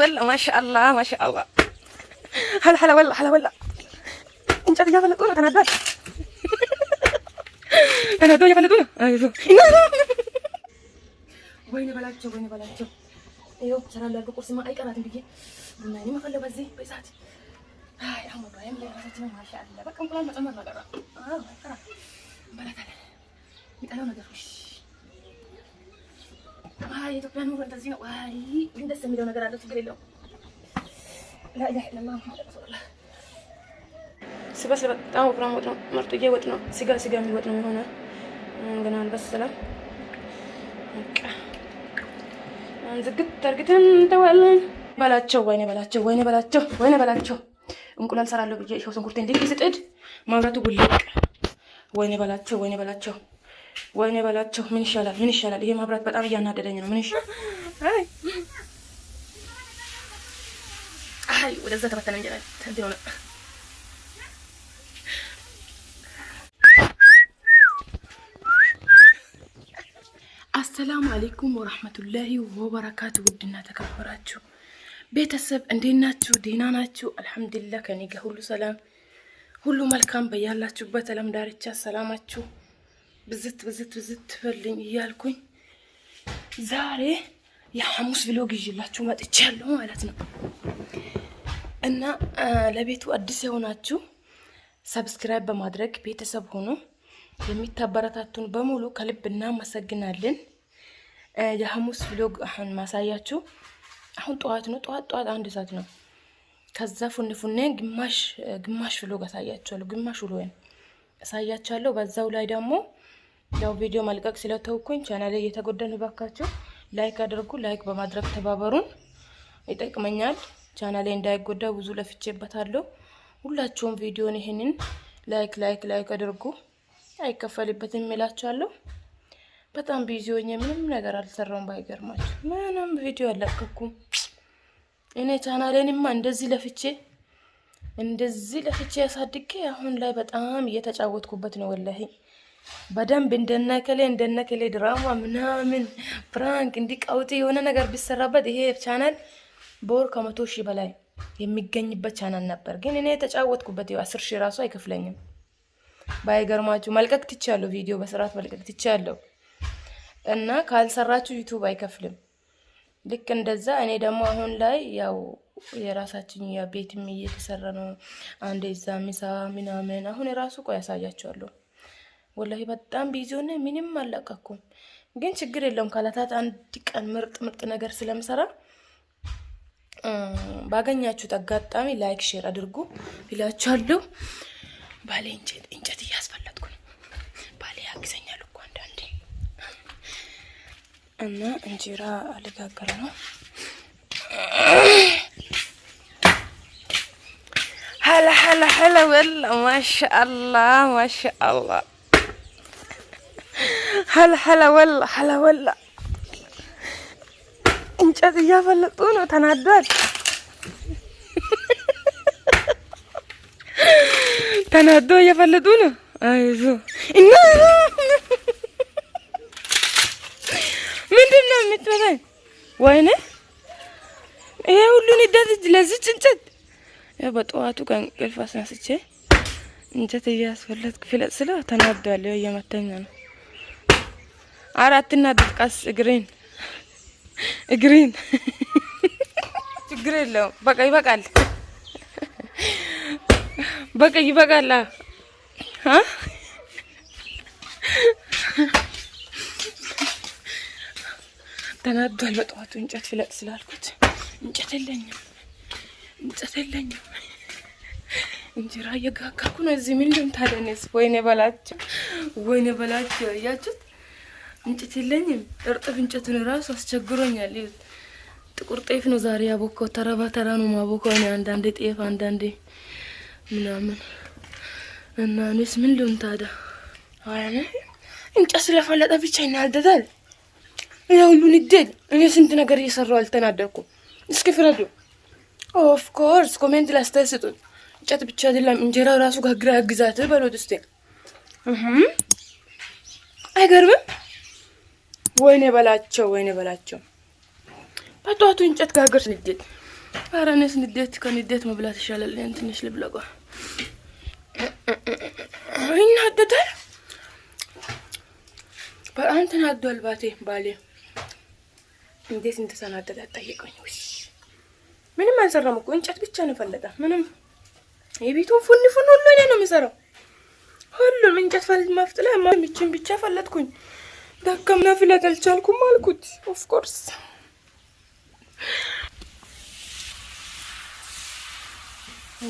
ولا ما شاء الله ما شاء الله هل هلا ولا هلا ولا انت يا ولا دورة انا دورة انا دورة يا ولا دورة ايوه وين بلاتشو وين بلاتشو ايوه ترى لو بقول سما اي قرات بيجي قلنا ما خلوا بزي بيسات هاي عم ابراهيم يا فتي ما شاء الله بكم كلام ما تمر لا قرا اه ترى بلا تعالى يتقالوا نقفش ኢትዮጵያ ኑሮ እንደዚህ ነው። ግን ደስ የሚለው ነገር አለው። ችግር የለውም። ስበስ በጣም ወፍራም ወጥ ነው። መርጡዬ ወጥ ነው። ስጋ ስጋ የሚወጥ ነው የሚሆነው። ገና አልበሰለም። ዝግት አድርገን እንተዋለን። በላቸው ወይኔ በላቸው ወይኔ በላቸው ወይኔ በላቸው። እንቁላል ሰራለሁ ብዬ ሽንኩርቴን ልክ ስጥድ ማብራቱ ጉልቅ ወይኔ በላቸው ወይኔ በላቸው ወይኔ በላቸው። ምን ይሻላል? ምን ይሻላል? ይሄ መብራት በጣም እያናደደኝ ነው። ምን ይሻላል? አይ ወደዛ ተበተነ እንጀራ ነው። አሰላሙ አሌይኩም ወራህመቱላሂ ወበረካቱ። ውድና ተከበራችሁ ቤተሰብ እንዴት ናችሁ? ደህና ናችሁ? አልሐምዱሊላህ ከኔ ጋር ሁሉ ሰላም፣ ሁሉ መልካም። በያላችሁበት አለም ዳርቻ ሰላማችሁ ብዝት ብዝት ብዝት ትበልኝ እያልኩኝ ዛሬ የሐሙስ ብሎግ ይዤላችሁ መጥቻለሁ ማለት ነው። እና ለቤቱ አዲስ የሆናችሁ ሰብስክራይብ በማድረግ ቤተሰብ ሆኖ የሚታበረታቱን በሙሉ ከልብ እናመሰግናለን። የሐሙስ ብሎግ አሁን ማሳያችሁ አሁን ጠዋት ነው። ጠዋት ጠዋት አንድ ሰዓት ነው። ከዛ ፉን ፉኔ ግማሽ ግማሽ ብሎግ አሳያችኋለሁ። ግማሽ ውሎዬን አሳያችኋለሁ። በዛው ላይ ደግሞ ያው ቪዲዮ መልቀቅ ስለተውኩኝ ቻናል እየተጎዳን ባካችሁ ላይክ አድርጉ። ላይክ በማድረግ ተባበሩን፣ ይጠቅመኛል። ቻናሌ እንዳይጎዳ ብዙ ለፍቼበታለሁ። ሁላችሁም ቪዲዮን ይሄንን ላይክ ላይክ ላይክ አድርጉ፣ አይከፈልበትም እላችኋለሁ። በጣም ቢዚ ሆኜ ምንም ነገር አልሰራውም። ባይገርማችሁ ምንም ቪዲዮ አልለቀኩም። እኔ ቻናሌንማ እንደዚህ ለፍቼ እንደዚህ ለፍቼ ያሳድጌ አሁን ላይ በጣም እየተጫወትኩበት ነው ወላሄ በደንብ እንደነከሌ እንደነከሌ ድራማ ምናምን ፕራንክ እንዲ የሆነ ነገር ቢሰራበት ይሄ ቻናል በወር ከመቶ ሺህ በላይ የሚገኝበት ቻናል ነበር። ግን እኔ የተጫወትኩበት አስር ሺህ ራሱ አይከፍለኝም። ባይገርማችሁ መልቀቅ ትቻለሁ፣ ቪዲዮ በስርዓት መልቀቅ ትቻለሁ። እና ካልሰራችሁ ዩቱብ አይከፍልም። ልክ እንደዛ እኔ ደግሞ አሁን ላይ ያው የራሳችን ቤትም እየተሰራ ነው። አንድ ዛ ሚሳ ምናምን አሁን የራሱ ቆይ ያሳያቸዋለሁ ወላሂ በጣም ቢዚ ሆነ፣ ምንም አላቀኩም። ግን ችግር የለውም ካላታት አንድ ቀን ምርጥ ምርጥ ነገር ስለምሰራ ባገኛችሁት አጋጣሚ ላይክ ሼር አድርጉ ይላችኋለሁ። ባሌ እንጨት እንጨት እያስፈለጥኩ ነው። ባሌ ያግዘኛል እኮ አንዳንዴ እና እንጀራ አልጋገር ነው። ሀላ ሀላ ሀላ ወላ ማሻአላ ማሻአላ ሀላ ሀላ ወላ ሀላ ወላ እንጨት እያፈለጡ ነው። ተናዷል ተናዶ እያፈለጡ ነው። አይዞ እና ምንድን ነው የምትመታኝ? ወይኔ ይሄ ሁሉን ይደት ለዚች እንጨት በጠዋቱ ከእንቅልፍ አስነስቼ እንጨት እያስፈለጥኩ ፍለጥ ስለ ተናዷል። እየመተኛ ነው አራትና ድቃስ እግሬን እግሬን። ችግር የለውም። በቃ ይበቃል፣ በቃ ይበቃል። ተናዷል። በጠዋቱ እንጨት ፍለጥ ስላልኩት እንጨት የለኝም፣ እንጨት የለኝም። እንጀራ እየጋጋኩ ነው። እዚህ ምን ታደንስ? ወይኔ በላቸው፣ ወይኔ በላቸው። እያችሁት እንጨት የለኝም። እርጥብ እንጨቱን ራሱ አስቸግሮኛል። ጥቁር ጤፍ ነው ዛሬ ያቦካው። ተረባ ተራ ነው ማቦካው። አንዳንዴ ጤፍ፣ አንዳንዴ ምናምን እና እኔስ ምን ልሁን ታዲያ? አረ እንጨት ስለፈለጠ ብቻ ይናደዳል። ያ ሁሉ ንዴት። እኔ ስንት ነገር እየሰራሁ አልተናደድኩም። እስኪ ፍረዱ። ኦፍ ኮርስ ኮሜንት ላይ ስጡት። እንጨት ብቻ አይደለም እንጀራው ራሱ ጋግራ ያግዛት በሎት እስቲ። አይገርምም? ወይኔ በላቸው፣ ወይኔ በላቸው። በጠዋቱ እንጨት ጋገር ንዴት፣ ኧረ እኔስ ንዴት ከንዴት መብላት ይሻላል። እኔን ትንሽ ልብለቋ ይናደዳል። በጣም ተናዷል። ባቴ ባሌ እንዴት እንደተናደደ አጠየቀኝ። ምንም አልሰራም እኮ እንጨት ብቻ ነው ፈለጠ። ምንም የቤቱን ፉን ፉን ሁሉ እኔ ነው የሚሰራው። ሁሉም እንጨት ፈልድ ማፍጥላ ምችን ብቻ ፈለጥኩኝ። ደከምና ፍለት አልቻልኩም አልኩት። ኦፍኮርስ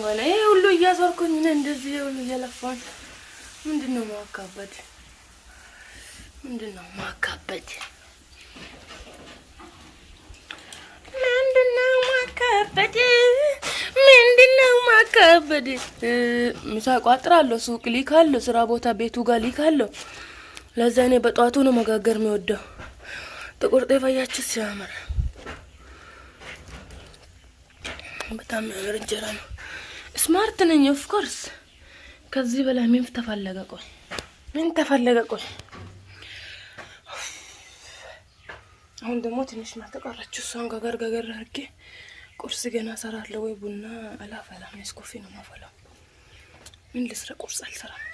ሆነ ሁሉ እያዞርኩኝ እኔ እንደዚህ ሁሉ እየለፋን ምንድን ነው ማካበድ? ምንድን ነው ማካበድ? ምንድን ማካበድ? ማካበድ? ምሳ ቋጥር አለው፣ ሱቅ ሊክ አለው፣ ስራ ቦታ ቤቱ ጋር ሊክ አለው ለዛ እኔ በጠዋቱ ነው መጋገር የሚወደው። ጥቁር ጤፍ አያችሁ ሲያምር፣ በጣም የሚያምር እንጀራ ነው። ስማርት ነኝ ኦፍኮርስ። ከዚህ በላይ ምን ተፈለገ? ቆይ ምን ተፈለገ? ቆይ አሁን ደግሞ ትንሽ ማልተቀረችው እሷን ገገር ገገር አድርጌ ቁርስ ገና ሰራለሁ ወይ ቡና አላፈላም። ኔስኮፊ ነው ማፈላው። ምን ልስረ ቁርስ አልሰራም።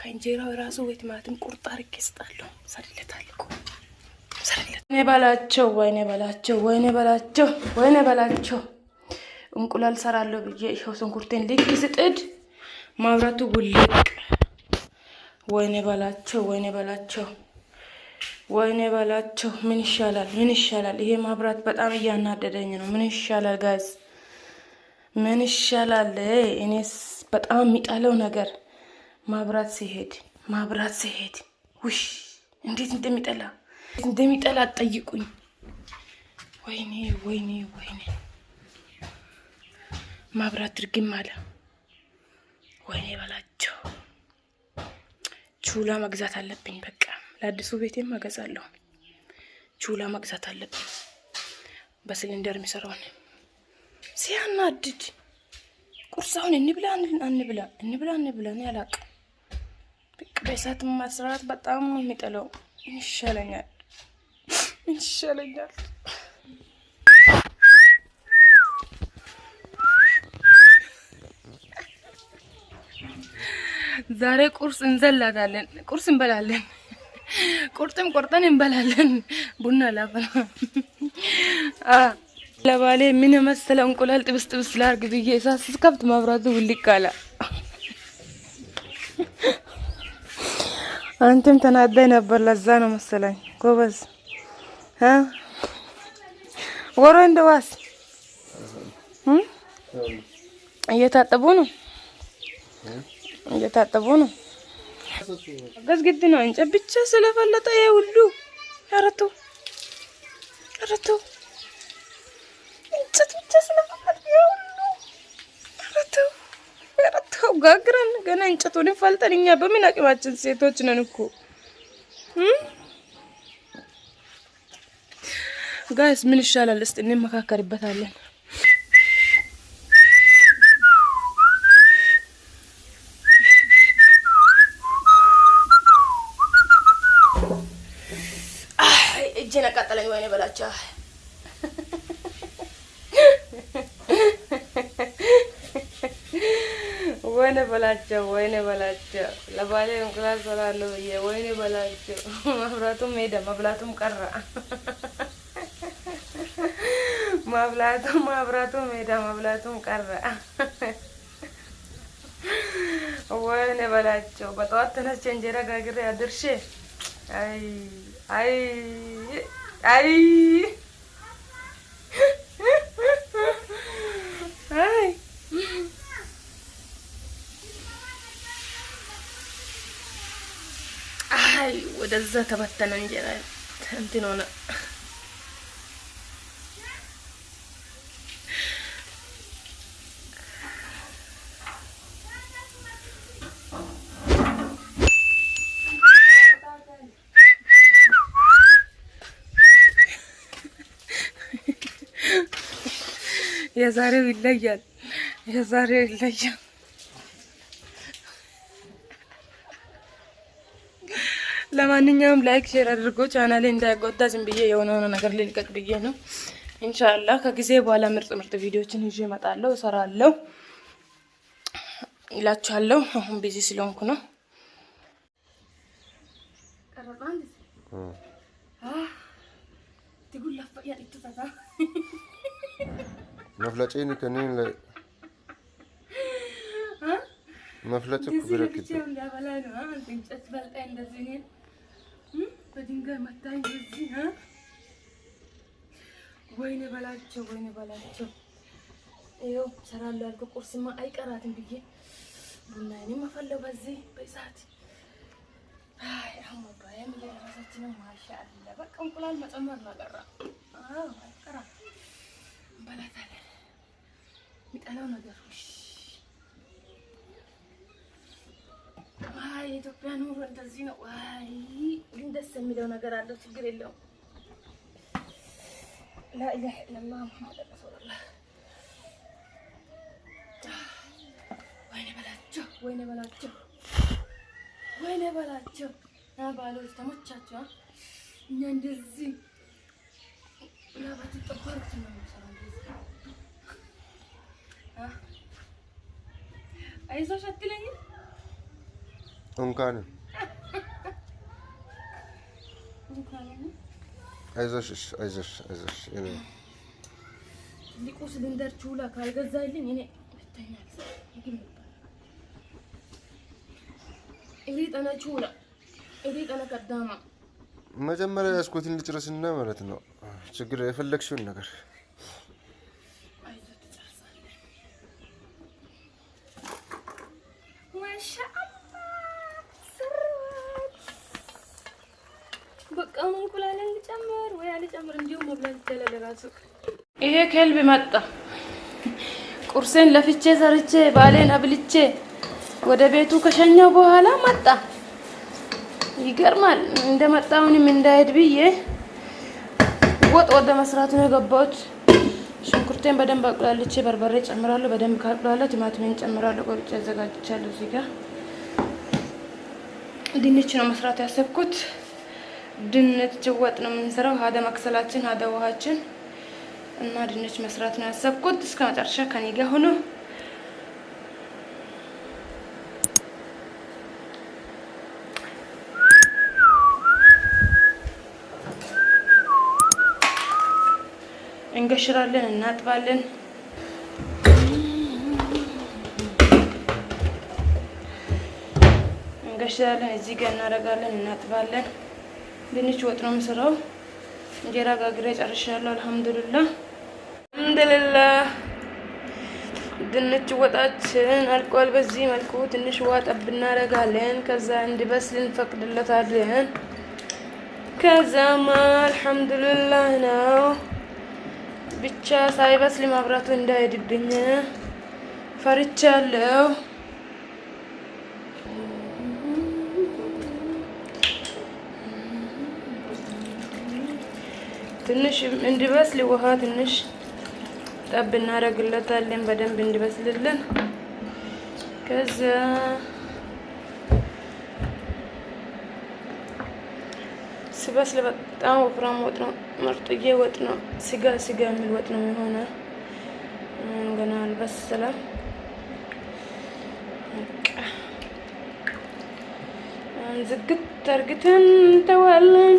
ከእንጀራው የራሱ ወይ ቲማቲም ቁርጥ አድርጌ ስጣለሁ። ሰርለታል እኮ ሰርለት። ወይኔ በላቸው፣ ወይኔ በላቸው፣ ወይኔ በላቸው፣ ወይኔ በላቸው። እንቁላል ሰራለሁ ብዬ ይኸው ሽንኩርቴን ልክ ስጥድ ማብራቱ ጉልቅ። ወይኔ በላቸው፣ ወይኔ በላቸው፣ ወይኔ በላቸው። ምን ይሻላል? ምን ይሻላል? ይሄ ማብራት በጣም እያናደደኝ ነው። ምን ይሻላል ጋዝ? ምን ይሻላል? እኔስ በጣም የሚጣለው ነገር ማብራት ሲሄድ ማብራት ሲሄድ ውሽ እንዴት እንደሚጠላ እንደሚጠላ አትጠይቁኝ። ወይኔ ወይኔ ወይኔ ማብራት ድርግም አለ። ወይኔ በላቸው። ቹላ መግዛት አለብኝ። በቃ ለአዲሱ ቤቴም እገዛለሁ። ቹላ መግዛት አለብኝ። በሲሊንደር የሚሰራውን ሲያናድድ ቁርሳውን እንብላ እንብላ እንብላ እንብላ እኔ በእሳት መስራት በጣም ነው የሚጠለው። ይሻለኛል ይሻለኛል። ዛሬ ቁርስ እንዘላታለን። ቁርስ እንበላለን። ቁርጥም ቆርጠን እንበላለን። ቡና ላፈ ለባሌ ምን የመሰለ እንቁላል ጥብስ ጥብስ ላርግ ብዬ እሳት ስከፍት መብራቱ ውልቅ አለ። አንተም ተናዳይ ነበር። ለዛ ነው መሰለኝ ጎበዝ ወሮ እንደዋስ እየታጠቡ ነው እየታጠቡ ነው። ገዝ ግድ ነው እንጨት ብቻ ስለፈለጠ ይሄ ሁሉ አረቱ አረቱ እንጨት ብቻ ስለፈለጠ ኧረ ተው ጋግረን ገና እንጨቱን ፈልጠን እኛ በምን አቅማችን ሴቶች ነን እኮ ጋይስ ምን ይሻላል? እስቲ እንመካከርበታለን። እጄን አቃጠለኝ። ወይኔ በላቸው። ወይኔ በላቸው፣ ወይኔ በላቸው። ለባሌ እንቁላል ሰላለሁ ብዬ ወይኔ በላቸው። መብራቱም ሄደ፣ መብላቱም ቀረ። መብላቱም መብራቱም ሄደ፣ መብላቱም ቀረ። ወይኔ በላቸው። በጠዋት ተነስቼ እንጀራ ጋግሬ አድርሼ አይ አይ አይ ወደዛ ተበተነ እንጀራ እንትን ሆነ። የዛሬው ይለያል። የዛሬው ይለያል። ለማንኛውም ላይክ ሼር አድርጎ ቻናሌ እንዳይጎዳ ዝም ብዬ የሆነ ሆነ ነገር ልልቀቅ ብዬ ነው። ኢንሻአላህ ከጊዜ በኋላ ምርጥ ምርጥ ቪዲዮችን ይዤ እመጣለሁ፣ እሰራለሁ ይላችኋለሁ። አሁን ቢዚ ስለሆንኩ ነው። መፍለጬን ከኔን ላይ መፍለጥ በድንጋይ መታኝ። በዚህ ወይኔ በላቸው፣ ወይኔ በላቸው። ይኸው ሰራሉ ያልኩ ቁርስማ አይቀራትም ብዬ ቡናዬንም አፈለው በዚህ በእሳት አይ አሞባዬም እየደረሰች ነው። ማሻአላህ በቃ እንቁላል መጨመር ነው ቀራ። አይቀራ በላታለ እንበላታለን የሚጠላው ነገር ዋይ የኢትዮጵያ ኑሮ እንደዚህ ነው። ዋይ ግን ደስ የሚለው ነገር አለው። ችግር የለውም። ላኢላሀ ኢለላህ ሙሐመድ ረሱሉላህ። ወይኔ በላቸው፣ ወይኔ በላቸው፣ ወይኔ በላቸው። ባሎች እኛ እንደዚህ ላባት ነው አይዞሽ አትለኝም እንኳን አይዞሽ አይዞሽ አይዞሽ። እኔ ትልቁ ሲሊንደር ቹላ ካልገዛልኝ እኔ ጠነ ቹላ ጠነ ቀዳማ መጀመሪያ ያዝኩትን ልጨርስና ማለት ነው ችግር የፈለግሽውን ነገር ልጨምር ወይ አልጨምር፣ እንዲሁ መብላት ይቻላል። ራሱ ይሄ ከልብ መጣ። ቁርሴን ለፍቼ ሰርቼ ባሌን አብልቼ ወደ ቤቱ ከሸኘው በኋላ መጣ። ይገርማል። እንደመጣ አሁንም እንዳይሄድ ብዬ ወጥ ወደ መስራት ነው የገባሁት። ሽንኩርቴን በደንብ አቁላልቼ በርበሬ ጨምራለሁ። በደንብ ካቁላለሁ ቲማቲሜን ጨምራለሁ። ቆርጬ አዘጋጅቻለሁ። እዚህ ጋር ድንች ነው መስራት ያሰብኩት። ድንች ወጥ ነው የምንሰራው። ሀደ መክሰላችን ሀደ ውሃችን እና ድንች መስራት ነው ያሰብኩት። እስከ መጨረሻ ከኔ ጋር ሆኖ እንገሽራለን፣ እናጥባለን። እንገሽራለን፣ እዚህ ጋር እናደርጋለን፣ እናጥባለን ድንች ወጥ ነው የምሰራው። እንጀራ ጋግሬ ጨርሻለሁ። አልሐምዱልላ አልሐምዱልላ። ድንች ወጣችን አልቋል። በዚህ መልኩ ትንሽ ውሃ ጠብ እናደርጋለን። ከዛ እንዲበስል እንፈቅድለታለን። ከዛማ አልሐምዱልላ ነው ብቻ ሳይበስል ማብራቱ እንዳይድብኝ ፈርቻለሁ። ትንሽ እንዲበስል ውሃ ትንሽ ጠብ እናደርግለታለን፣ በደንብ እንዲበስልልን። ከዛ ሲበስል በጣም ወፍራም ወጥ ነው፣ መርጡዬ ወጥ ነው፣ ስጋ ስጋ የሚል ወጥ ነው የሆነ። ገና አልበሰለም። ዝግት አርግተን እንተዋለን።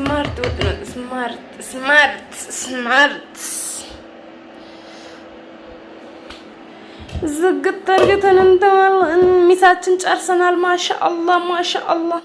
ስማርት ወጥ ነው። ስማርት ስማርት ስማርት ዝግት አድርገን እንተዋለን። ሚሳችን ጨርሰናል። ማሻአላህ ማሻአላህ